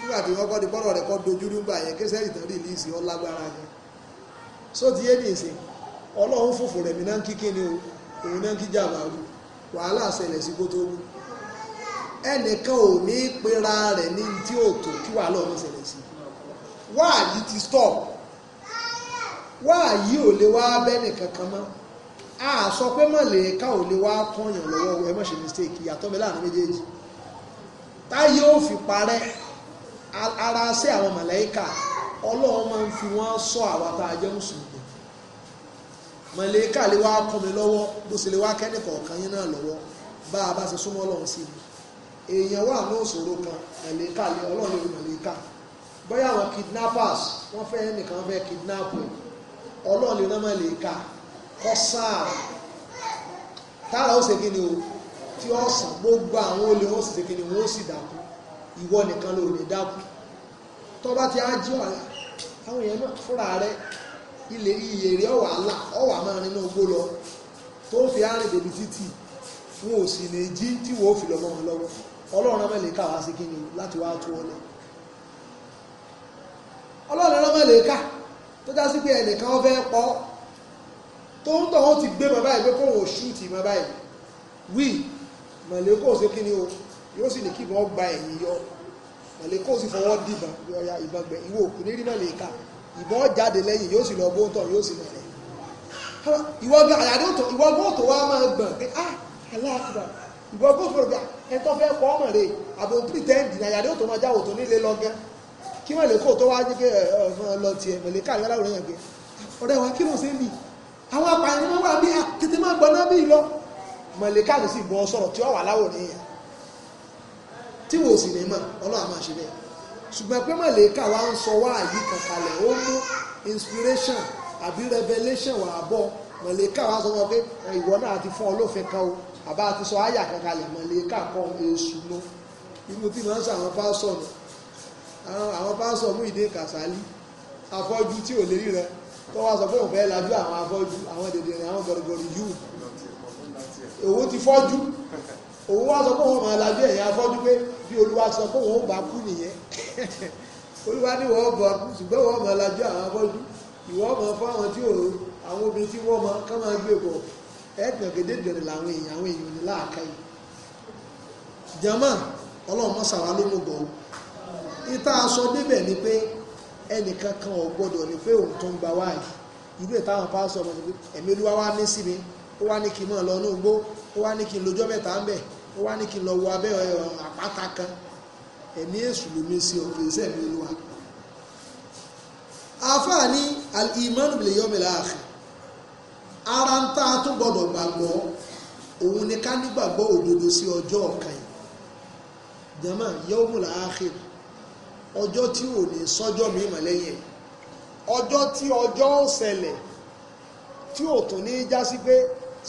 nígbà tí wọ́n kọ́ di bọ́rọ̀ rẹ̀ kọ́ dojú nígbà yẹn kí sẹ́yìn tán rìlíìsì ọ lágbára yẹn só ti yé nìsín ọlọ́run fòfò rẹ̀ mí náà ń kí kíni o òun náà ń kí jàmbá o wàhálà ṣẹlẹ̀ sí kó tó wú ẹnìkan ò ní pera rẹ̀ ní tí ò tó kí wàhálà ọ̀run ṣẹlẹ̀ sí wáàyí ti stop wáàyí ò lè wá bẹ́ẹ̀nì kankan mọ́ a sọ pé mọ̀lẹ́ka ò lè wá kọ́yàn lọ́wọ́ ẹ má ṣe mistake ìyàtọ̀ mi láàrin méjèèjì táyé ò fi parẹ́ ara ṣé àwọn màláíkà ọlọ́run máa ń fi wọ́n sọ àwa tá a jẹ́ mùsùlùmí lè wá kọ́ mi lọ́wọ́ bó ṣe lè wá yín náà lọ́wọ́ bá kan màláíkà lè ọlọ́run lè màláíkà bóyá àwọn kidnappers wọ́n fẹ́ nìkan fẹ́ kidnap ọlọ́run lè rán màláíkà kọ́ sáà o tí gbogbo àwọn olè wọn sì ṣe ìwọ nìkan ló lè dákú tó bá ti á jí ọ̀la àwọn èèyàn náà fúnra rẹ ilé iye rẹ ọ̀wà là ọ̀wà máa nínú ogbó lọ tó fi àárín bèbí títì wọn ò sì ní jí tí wọn ò fi lọ́mọ wọn lọ́wọ́ ọlọ́run mẹ́lẹ̀ ká wá sí kíni láti wá tú ọlẹ́ ọlọ́run mẹ́lẹ̀ ká tó já sí pé ẹnìkan ọ fẹ́ pọ́ tó ń tọ̀ wọ́n ti gbé mọ́ báyìí pé kóun ò ṣúùtì mọ́ báyìí wí mọ̀lẹ́kọ̀ ṣe kíni o yóò sì ní kí ìbọn gba ẹ̀yìn yọ mọ̀lẹ́kà ó sì fọwọ́ dìbọn yọya ìbọn gbẹ̀ ìwọ òkú ní rí mọ̀lẹ́kà ìbọn jáde lẹ́yìn yóò sì lọ gbóńtọ̀ yóò sì mọ̀lẹ́ ìwọ́gbọ́n àyàdótò ìwọ́gbọ́n tó wá máa gbọ̀n pé ah aláàkùbà ìwọ́gbọ́n fòrò bí ah, ẹ̀tọ́ fẹ́ kọ́ ọmọ rẹ̀ àbò pírítẹ́ǹdì ní àyàdótò máa jáwò tó nílé lọ́gán kí wọ́n lè kó tó wá jẹ́ pé ọ̀fun eh, eh, lọ tiẹ̀ mẹ̀lẹ́ káàrí aláwòrán yẹn pé ọ̀rẹ́ wa kí ló ṣe ń bì àwọn apààyàn máa wà bí tètè máa gbọ́n náà bí lọ mẹ̀lẹ́ káàrí sì bọ́ sọ̀rọ̀ tí ó wà láwòrán yẹn tí wò sì ní mọ̀ ọlọ́run máa ṣe bẹ́ẹ̀ ṣùgbọ́n pé mọ̀lẹ́kà wa ń sọ wáàyí kankalẹ̀ ó mú inspiration àbí revelation wà á bọ̀ mọ̀lẹ́kà wa sọ wọn pé ìwọ náà ti fún ọlọ́fin kan o àbá ti sọ àyà kankalẹ̀ mọ̀lẹ́kà kan èṣù nu irú tí wọ́n ń sọ àwọn pásọ̀ nù àwọn pásọ̀ mú ìdè kàsálí afọ́jú tí ò lè rí rẹ tó wá sọ pé òun fẹ́ lajú àwọn afọ́jú àwọn dèdè àwọn gọ̀rọ̀gọ̀rọ̀ yìí òun ti fọ́jú òun wá sọ pé òun máa lajú ẹ̀yìn afọ́jú pé bí olúwa sọ pé òun ó bá kú nìyẹn olúwa ní wọ́n bọ̀ kú ṣùgbọ́n wọ́n máa lajú àwọn afọ́jú ìwọ́ máa fọ́ àwọn tí òun àwọn obìnrin tí wọ́n máa kán máa gbé e bọ̀ ẹ̀ẹ́dùn gèdè dẹ̀rẹ̀ làwọn èèyàn àwọn èèyàn ní láàká yìí jama ọlọ́run mọ́sàrá ló mú bọ̀ ìta aṣọ débẹ̀ ni pé ẹnìkan kan ò gbọ́dọ̀ ní pé òun tó ń gba wáyé ìlú ìtàwọn pásọ ọmọ ẹ̀mí olúwa wá ní sí mi ó wá ní kí n máa lọ ní ògbó ó wá ní kí n lọ́jọ́ mẹ́ta ń bẹ̀ ó wá ní kí n lọ wọ abẹ́ àpáta kan ẹ̀mí èṣù lómi sí ọ̀fẹ́ sẹ́mi olúwa àáfàá ní al-imanu bil yawmil akhir ara ń tá a gbọdọ̀ gbàgbọ́ òun ni ká nígbàgbọ́ òdodo sí ọjọ́ ọ̀kan yìí jama yawmul akhir ọjọ́ tí ò ní sọ́jọ́ mi mọ̀ lẹ́yìn ọjọ́ tí ọjọ́ ṣẹlẹ̀ tí ò tún ní jásí pé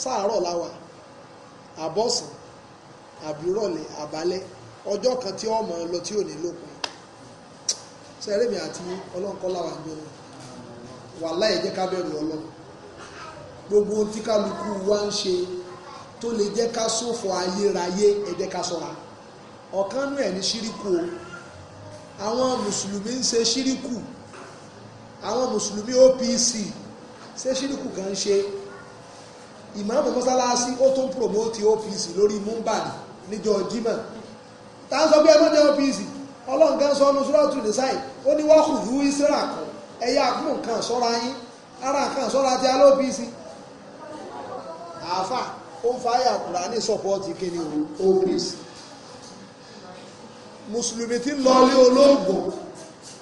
sáàárọ̀ la àbọ̀sán àbírọ̀lẹ̀ àbálẹ́ ọjọ́ kan tí ọmọ lọ tí ò ní lópin sẹ́rẹ́mi àti ọlọ́nkọ́lá wà ní ọ̀nà wàhálà ẹ̀jẹ̀ ká bẹ̀rù ọlọ́run gbogbo ohun tí kálukú wa ń ṣe tó lè jẹ́ ká ṣòfò ayérayé ẹ̀jẹ̀ ká ṣọ́ra ọ̀kan nù ẹ̀ ní ṣíríkù o àwọn mùsùlùmí ń ṣe ṣíríkù àwọn mùsùlùmí OPC ṣé ṣíríkù kan ń ṣe ìmáàmù mọ́sálásí ó tún promote OPC lórí múmbàlì níjọ́ Jímọ̀ tá a sọ pé ẹgbẹ́ jẹ́ OPC ọlọ́run kan sọ ọmọ sọ́ràtù nìsáì ó ní wá hùwù ìsírà kan ẹ̀yà àkùnmù nǹkan sọ́ra yín ara nǹkan sọ́ra ti alẹ́ OPC àáfà ó ń fàáyà kùrà ní sọ́pọ́ọ̀tì kíni OPC mùsùlùmí tí ń lọ ilé olóògùn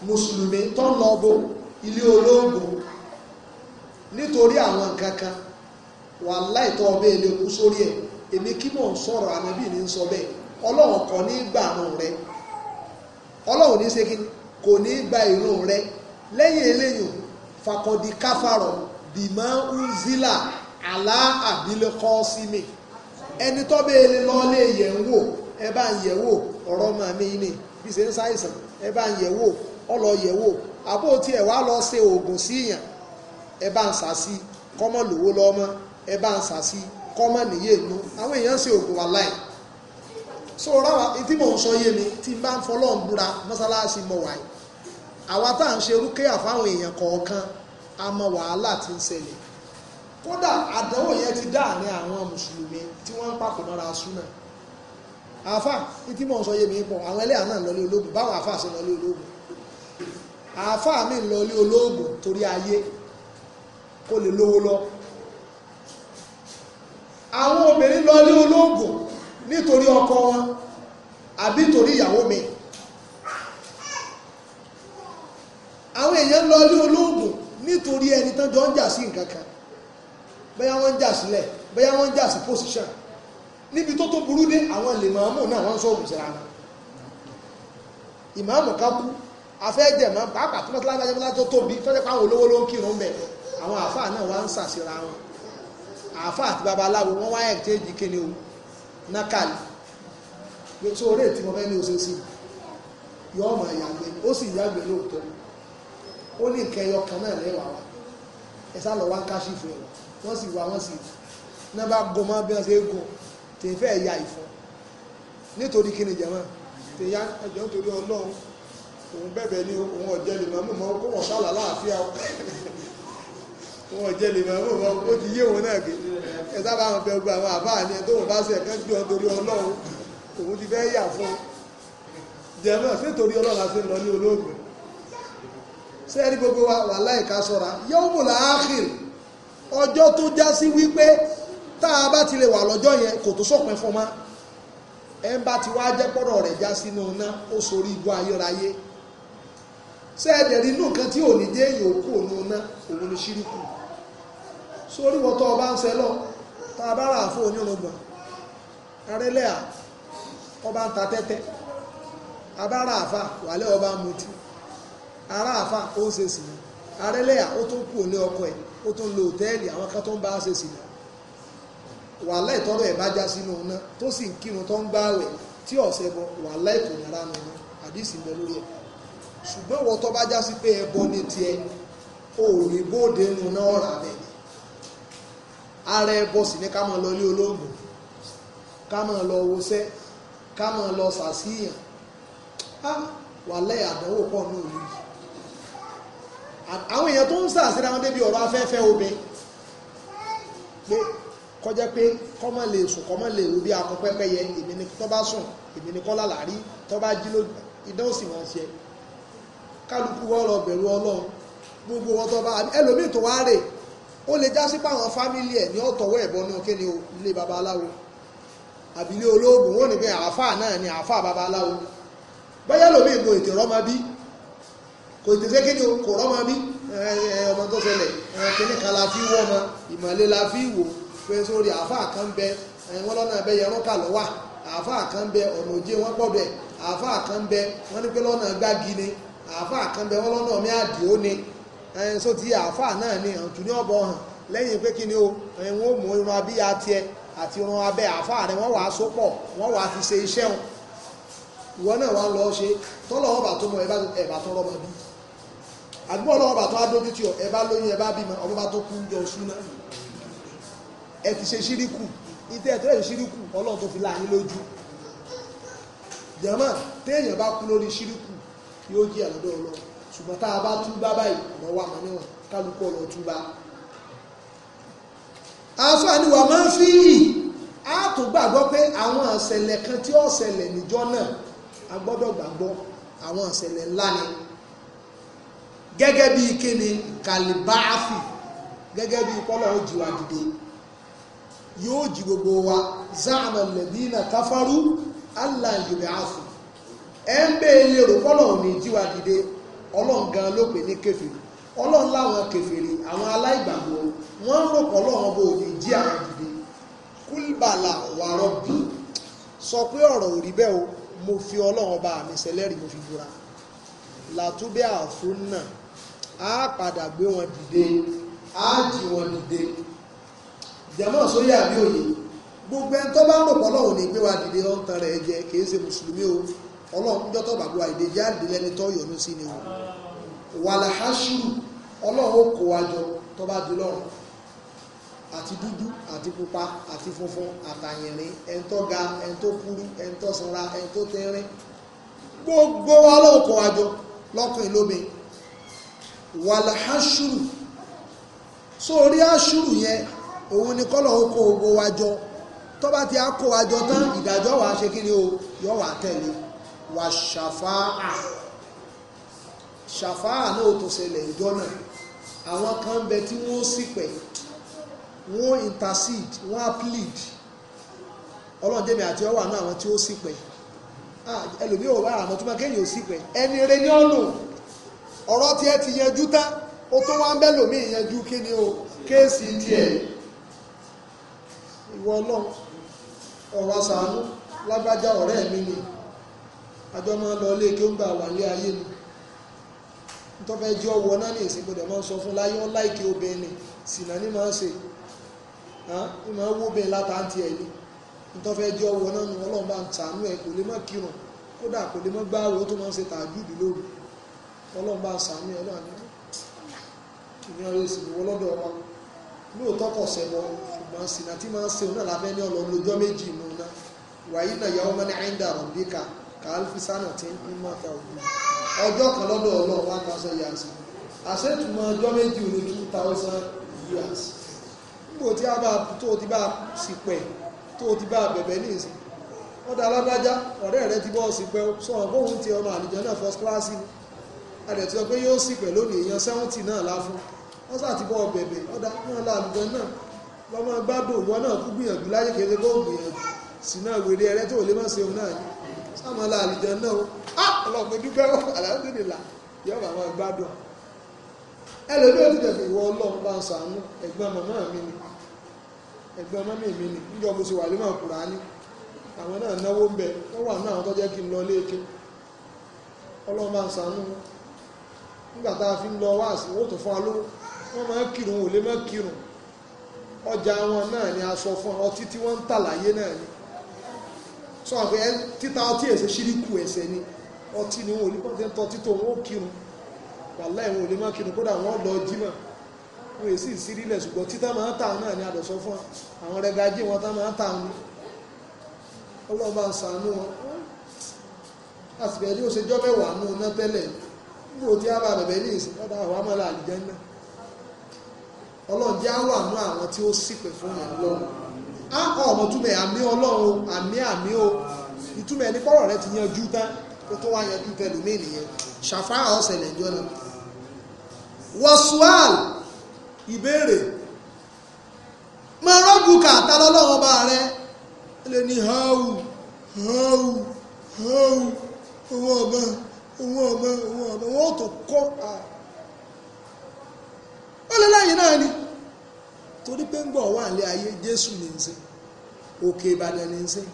mùsùlùmí tó ń lọ bo ilé olóògùn nítorí àwọn nǹkan kan wà láìtọ́ ọbẹ̀ èlé kú sórí ẹ̀ èmi kí mò ń sọ̀rọ̀ ànábì ní sọ bẹ́ẹ̀ ọlọ́run kò ní gbà rẹ ọlọ́run ní ṣe kò ní rẹ lẹ́yìn eléyìí fakọ̀dí káfàrọ̀ bìmọ̀ uzila àlá àbílẹ̀kọ́ sí mi ẹni yẹ̀ ń wò ẹ bá ń ni bí ṣe ń ṣàìsàn ẹ bá ń ọlọ yẹ̀ wò àbó tiẹ̀ wá lọ ṣe síyàn ẹ bá ń ẹ bá ń sàsí kọ́mọ̀ nìyé inú àwọn èèyàn ṣe ògùn wà láì so ráwa tí mò ń sọ yé mi tí n bá ń fọlọ́ ń búra mọ́sálásí mọ̀ wáyé àwa tá à ń ṣe rúkẹ́yà fáwọn èèyàn kọ̀ọ̀kan a mọ wàhálà tí ń ṣẹlẹ̀ kódà àdánwò yẹn ti dá àárín àwọn mùsùlùmí tí wọ́n ń pàpọ̀ mọ́ra súnà àáfà tí mò ń sọ yé mi pọ̀ àwọn ẹlẹ́yà náà lọlé ológun báwọn àáfà ṣe lọlé ológun àáfà mi lọlé ológun torí ayé kó lè lówó lọ àwọn obìnrin lọ lé olóògùn nítorí ọkọ wọn àbí torí ìyàwó mi àwọn èèyàn lọ lé olóògùn nítorí ẹni tán jọ ń jà sí nǹkan kan bóyá wọ́n ń jà sílẹ̀ bóyá wọ́n ń jà sí position níbi tó tó burú dé àwọn lèmọ̀ọ́mù náà wọ́n ń sọ̀rọ̀ síra wọn ìmáàmù kan kú afẹ́jẹ̀ mọ́ pàápàá tí wọ́n ti lágbàjẹ́ mọ́lá tó tóbi tó jẹ́ pé àwọn olówó ló ń kírun bẹ̀ àwọn àfáà náà wá ń sàṣìra wọn àáfà àti babaláwo wọ́n wá ẹ̀kẹ́jì kí ni o nákàlì pé tó orí ètí mo fẹ́ ní oṣù sí yọ ọmọ ìyàgbẹ́ ó sì yàgbẹ́ lóòótọ́ ó ní nǹkan ẹyọ kan náà lẹ́wàá wa ẹ sá lọ wá ń káṣífù ẹ̀ wọ́n sì wá wọ́n sì náà bá gọ mọ́ bí wọ́n ṣe é gọ tèè fẹ́ ya ìfọ́ nítorí kí ni jẹ̀mọ́ tèè ya ẹjọ́ nítorí ọlọ́run òun bẹ̀bẹ̀ ni òun ọ̀jẹ̀ lè mọ́ mọ́ kó wọ́n sálà láàfíà wọn ò jẹ́ lè máa mú wọn ó ti yé wọn náà gé ẹ sábà wọn fẹ́ gba àwọn àbá àní tó wọn bá sẹ̀ kán gbé wọn torí ọlọ́run òun ti fẹ́ yà fún un jẹ̀mọ́ sí torí ọlọ́run la ṣe lọ ní olóògùn sẹ́ẹ̀rí gbogbo wa wà láìka sọ́ra yawmul akhir ọjọ́ tó já sí wípé tá a bá ti lè wà lọ́jọ́ yẹn kò tó sọ̀pẹ́ fún ma ẹ bá ti wá jẹ́ pọ́rọ̀ rẹ̀ já sínú iná ó sorí igbó ayérayé sẹ́ẹ̀dẹ̀rí inú nǹkan tí ò ní dé yòókù òun iná òun ni ṣíríkù sórí wọn tó ọba ń sẹ lọ tá a bá rà fún ọba ń ta tẹ́tẹ́ abára ọba ń mutí ará àfà ó ń ṣe ó tún ọkọ ó tún lo àwọn kan tó ń bá ṣe sìnà wàlẹ́ tó sì ń kírun tó ń tí ọ̀sẹ̀ bọ wàlẹ́ ìkò ní ara nìyẹn àdìsí bẹ lórí ṣùgbọ́n tó bá já sí pé ara ẹbọ sì ni ká máa lọ ilé olóògùn ká máa lọ wọṣẹ́ ká máa lọ sàṣìyàn wàlẹ́ àdánwò pọ̀ ní òlu yìí àwọn èèyàn tó ń sàṣìra wọn débi ọ̀rọ̀ afẹ́fẹ́ obìnrin pé kọjá pé kọ́mọ lè sùn kọ́mọ lè rú bí akọ pẹ́pẹ́yẹ èmi ni tó bá sùn èmi ni kọ́lá làárí tó bá jí ló idán sì máa ṣe kálukú wọ́n lọ bẹ̀rù ọlọ́run gbogbo wọn tó bá ẹlòmíì tó wá rè ó lè já sí páwọn fámílì ẹ ní ọ̀tọ̀wọ́ ẹ̀bọn náà kí ni o ilé babaláwo abili olóògùn ó ni pé àáfàá náà ni àáfàá babaláwo bóyá lómi ìmọ̀ ètò rọ́mọ bí kò tètè kí ni o kò rọ́mọ bí ọmọ tó kíní kan la fi wọ́ ọmọ ìmọ̀lẹ́ la fi wò pé sórí kan bẹ wọn lọ́nà ẹ̀bẹ́ yẹn rọ́kà lọ́wà kan bẹ ọ̀nà òjé wọn pọ̀ bẹ kan bẹ wọn ní pé lọ́nà gbági ni kan bẹ wọn ẹ̀ so ti àáfàá náà ni ọ̀tún ní ọ̀bọ̀ hàn lẹ́yìn pé kí ni o wọ́n ó mú irun abíyá tiẹ̀ àti irun abẹ́ àáfàá rẹ̀ wọ́n wàá so pọ̀ wọ́n wàá fi ṣe iṣẹ́ wọn ìwọ náà wàá lọ ṣe tọ́lọ̀ ọba tó mọ ẹ̀bà tó rọ́bà bí àgbọ̀ ọlọ́ọ̀bà tó adójú tí ọ ẹ̀bá lóyún ẹ̀bá bímọ ọba tó kú jọ súná ẹ ti ṣe ṣíríkù ìtẹ́ ẹ̀ tó lè ṣíríkù ọlọ́run tó fi láàyín lójú jẹ́mọ́ téèyàn bá kú lórí ṣíríkù yóò jí àlọ́dọ̀ ọlọ́run ṣùgbọ́n tá a bá túbá báyìí ọ̀rọ̀ wà mọ́ níwọ̀n kálukú ọ̀rọ̀ túbá. àǹfààní wa máa ń fi yìí a tó gbàgbọ́ pé àwọn àṣẹlẹ̀ kan tí ó ṣẹlẹ̀ níjọ́ náà a gbọ́dọ̀ gbàgbọ́ àwọn àṣẹlẹ̀ ńlá ni gẹ́gẹ́ bí kíni kàlíbáàfì gẹ́gẹ́ bí kọ́lọ̀ ó jí wa dìde yóò jí gbogbo wa záàmà lẹ́bínà káfárú allah yorùbá àfù ẹ̀ ń bẹ́ẹ̀ lérò kọ́lọ̀ ò ní jí dìde ọlọ́run gan ló pè ní kèfèrí ọlọ́run láwọn kèfèrí àwọn aláìgbàgbọ́ wọ́n ń rò pọ̀ ọlọ́run bò ní jí àwọn dìde kúlbàlà wàrọ̀ bí sọ pé ọ̀rọ̀ ò rí bẹ́ẹ̀ o mo fi ọlọ́run ọba mi ṣẹlẹ́rìí mo fi búra làtúbẹ̀ àfún náà á padà gbé wọn dìde á jí wọn dìde jẹ̀mọ́ sóyè àbí òye gbogbo ẹni tó bá ń rò pọ̀ ní gbé wa dìde ọ̀ rẹ̀ jẹ kì í ṣe mùsùlùmí o ọlọ́run jọ́tọ̀ bàbá ìdè jáde lẹ́ni tó yọ̀nú sí ni o wàlàhásùrù ọlọ́run ó kó wa jọ tó bá di lọ́rùn àti dúdú àti pupa àti funfun àtàyìnrín ẹni tó ga ẹni tó kúrú ẹni tó sanra ẹni tó tẹ́rín gbogbo wa ọlọ́run kó wa jọ lọ́kùnrin lóbìn wàlàhásùrù sórí àṣùrù yẹn òun ni kọ́lọ̀ ó kó gbogbo wa jọ tó bá ti á kó wa jọ tán ìdájọ́ wa ṣe kí ni o yọ wà tẹ̀lé wà ṣàfáà ṣàfáà náà tó ṣẹlẹ̀ ìjọ náà àwọn kan ń bẹ tí wọ́n sì pẹ̀ wọ́n intercede wọ́n á plead ọlọ́dẹ̀mí àti ọwà náà àwọn tí ó sì pẹ̀ ẹlòmí ò bá àmọ́ tó máa kéèyàn ò sì pẹ̀ ẹni rẹ ní ọ̀nà ọ̀rọ̀ tí ẹ ti yanjú tán o tó wá ń bẹ́ lòmí ìyanjú kí ni o kéèsì tiẹ̀ ìwọ ọlọ́run ọ̀rọ̀ àṣàánú lágbájá ọ̀rẹ́ mi ni àjọ máa ń lọ ilé kí ó ń gbà wà ní ayé ni ọwọ́ náà ní ìsìnkú dẹ̀ máa ń sọ fún láyé wọn láìkí obìnrin sìnà ní máa ń ṣe ní máa ń wó bẹ́ẹ̀ látàntì ẹ̀ ní ọwọ́ náà ní ọlọ́run bá ń ẹ̀ kò lè má kírun kódà kò lè má gbáwé ó tó máa ń ṣe lóru ọlọ́run bá ẹ̀ kàálfìsánà tí ń kún mọ́ta òbí ọjọ́ kan lọ́dọ̀ ọlọ́run one thousand years ọjọ meji méjì ní two thousand years nígbò tí a bá tó o ti bá si pẹ tó o ti bá bẹ̀bẹ̀ ní ìsìn wọ́n alágbájá ọ̀rẹ́ rẹ ti bọ́ sí sọ̀rọ̀ ohun ti ọmọ náà first class ni pé yóò lónìí èèyàn náà la fún ti sáwọn ọlọ àlùjọ náà o a ọlọ́pàá dúpẹ́ ó àlàáfíà yọ bàbá gbádùn ẹlòmí ò ti dẹ̀fẹ̀ ìwọ ọlọ́run bá ń sàánú ẹ̀gbọ́n màmá mi ni ẹ̀gbọ́n mọ́mí mi ni níjọ mo ti wà lé àwọn náà náwó ń bẹ wọ́n wà náà tó jẹ́ kí n lọ léèké ọlọ́run bá ń sàánú nígbà sọ wọn pé títa ọtí ẹ̀ṣẹ̀ ṣíríkù ẹ̀ṣẹ̀ ni ọtí ni wọn ò ní pọ́n ti ń tọ́ títò wọn ó kírun wàláì wọn ò lè má kírun kódà wọn lọ jímọ̀ wọn èsì ìsírílẹ̀ ṣùgbọ́n títà máa ń tà náà ni àdọ̀sọ fún àwọn rẹgajì wọn tá máa ń tà wọn ọlọ́run bá ń sàánú wọn àtìbẹ̀ẹ́lì ó ṣe jọ́ mẹ́wàá nù ná tẹ́lẹ̀ nígbò tí a bá bẹ̀bẹ̀ ní ìsìn lọ́dà àwọn amọ̀lá àlìjẹ́ náà ọlọ́run jẹ́ àwọn tí ó ṣìpẹ̀ fún ìyàwó ọlọ́run á kọ́ ọmọ túmẹ̀ àmì ọlọ́run àmì àmì o ìtumẹ̀ ní kọ́rọ̀ rẹ ti yanjú tán kó tó wá yanjú tẹlùmí nìyẹn ṣàfáà ọ̀sẹ̀ lẹ́jọ́ náà wọ́sùwàl ìbéèrè máa rọ́bùkà tálọ́lọ́wọ́ bá rẹ lè ní hàù hàù hàù owó ọ̀gbà owó ọ̀gbà owó ọ̀gbà wọ́n tó kọ́ ó lé lẹ́yìn náà ni torí pé ń gbọ̀ wà nílé ayé jésù ní í sìn òkè ìbàdàn ní í sìn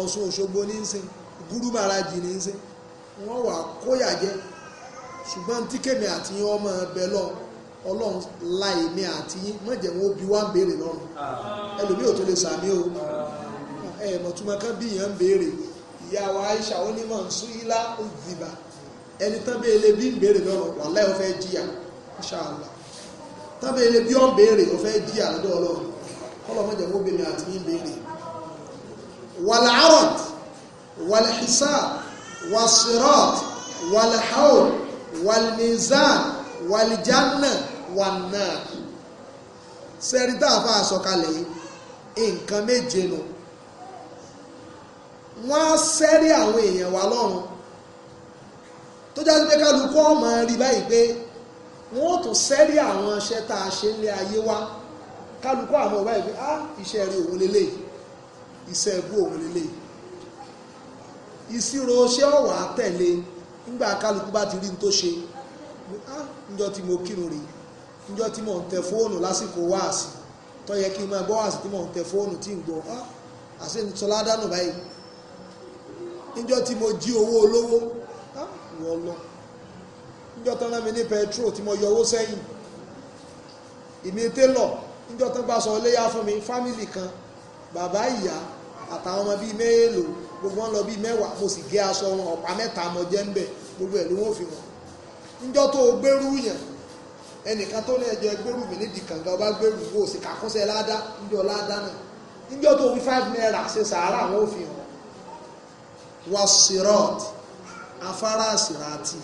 ọ̀ṣun òṣogbo ní í sìn gúrúmàràjì ní í sìn wọ́n wà kóyà jẹ́ ṣùgbọ́n tí kèmí àti yín ọmọ ẹbẹ lọ ọlọ́run la èmi àti yín má jẹ́ wọn ó bi wá ń béèrè lọ́rùn ẹlòmíì ò tó lè sàmí o ẹ mọ̀túnmọ́ kan bí yẹn ń béèrè ìyá wa Aisha onímọ̀ ń ilá ó ẹni tán bẹ́ẹ̀ lè bí ń béèrè lọ́rùn wàláì ó jìyà insha tábí ilé bí ọ́n béèrè ó fẹ́ jí àlọ́dọ̀ ọlọ́run kọ́lọ̀ mọ́jẹ̀ kó bèèrè àti yín béèrè wàlàárọ̀t wàlàhísà wàsírọ̀t wàlàháwò wàlìmìzán wàlìjánà wànà sẹ́rí táàfà àsọkalẹ̀ yìí nǹkan méje nù wọ́n á sẹ́rí àwọn èèyàn wa lọ́rùn tó jáde pé kálukú ọmọ rí báyìí pé wọn ò tún sẹ́rí àwọn iṣẹ́ tá a ṣe nílé ayé wa kálukú àwọn ọ̀rẹ́ ìgbé ah iṣẹ́ rí òun lélẹ̀ iṣẹ́ ẹ̀bú òun lélẹ̀ ìṣirò ṣé ọ̀wà tẹ̀lé nígbà kálukú bá ti rí ní tó ṣe ah níjọ́ tí mo kírun rèé níjọ́ tí mò ń tẹ fóònù lásìkò wáàsì tó yẹ kí n máa gbọ́ wáàsì tí mò ń tẹ fóònù tí ń gbọ́ ah àṣẹ ní sọlá dànù báyìí níjọ́ tí mo jí owó olówó ah wọ́n lọ́ọ́ níjọ́ tán rán mi ní petrol tí mo yọ owó sẹ́yìn èmi télọ̀ níjọ́ tán bá sọ léyà fún mi fámìlì kan bàbá ìyá àtàwọn ọmọ bíi mélòó gbogbo wọn lọ bíi mẹ́wàá mo sì gé aṣọ wọn ọ̀pá mẹ́ta mo jẹ́ ń bẹ̀ gbogbo ẹ̀ ló wọ́n fi wọn níjọ́ tó o gbẹ́rú yẹn ẹnìkan tó ní ẹjọ́ gbẹ́rù mi nídìí kànga ọba gbẹ́rù wo sì kàkúnṣe ládá níjọ́ ládá náà níjọ́ tó wí five naira ṣe sàárà àwọn òfin hàn wà sírọ́ọ̀tì afárá síràtì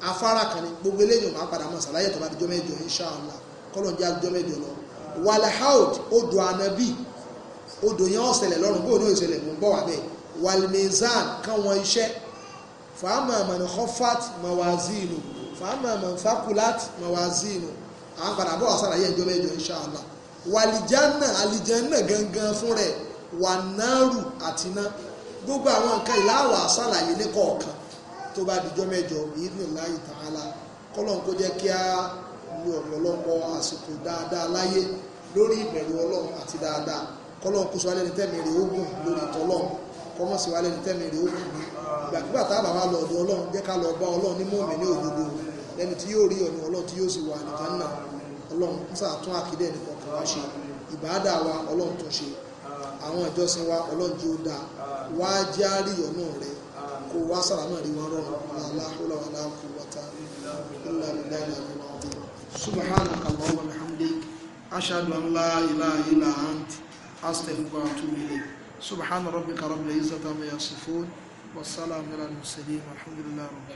afárá kan ní gbogbo eléyìí máa padà mọ̀ sàlàyé tó bá di jọ́mẹ́jọ inṣàlá kọ́lọ̀ jẹ́ àjọmẹ́jọ lọ walahaud odò anabi odò yẹn ọ̀sẹ̀lẹ̀ lọ́rùn bóun ní òṣèlè mò ń bọ̀ wá bẹ́ẹ̀ walmizan káwọn iṣẹ́ fàámà mọ̀nà hofat mawazinu fàámà mọ̀nà fakulat mawazinu àwọn padà bọ̀ sàlàyé ìjọmẹ́jọ inṣàlá wàlìjánà àlìjánà gangan fún rẹ̀ wà náírù àtiná gbogbo àwọn nǹkan ìlàwọ̀ àṣàlàyé ní kọ̀ọ̀kan tó bá dijọ́ mẹ́jọ ìdíniláyì tààlà kọ́lọ́n kó jẹ́ kí a lu ọ̀pọ̀lọpọ̀ àsìkò dáadáa láyé lórí ìbẹ̀rù ọlọ́run àti dáadáa kọ́lọ́n kó sọ alẹ́ ní tẹ́mi rè ógùn lórí tọ́lọ́run kọ́mọ́ sí wa alẹ́ ní tẹ́mi rè ógùn ní ìgbàkúgbà tá a bá wa lọ ọ̀dọ̀ ọlọ́run jẹ́ ká lọ bá ọlọ́run ní mọ́ọ̀mẹ́ ní òdodo lẹ́ni tí yóò rí ọ̀nà ọlọ́run tí yóò sì wà nìkan ọlọ́run ń sàtún àkídẹ́ nìkan kan wá ṣe ìbáàdà wa ọlọ́run tó ṣe àwọn ìjọsìn wa ọlọ́run tí ó dáa wá járí ọ̀nà rẹ̀ kó wá sàrámà rí wọn rọrùn aláhùlà wà láàkú wata ilà ìlà ìlà subhanaka allahumma wa bihamdik ashhadu an la ilaha illa ant astaghfiruka wa atubu ilayk subhana rabbika rabbil izzati amma yasifun wa salamun alal mursalin walhamdulillahi rabbil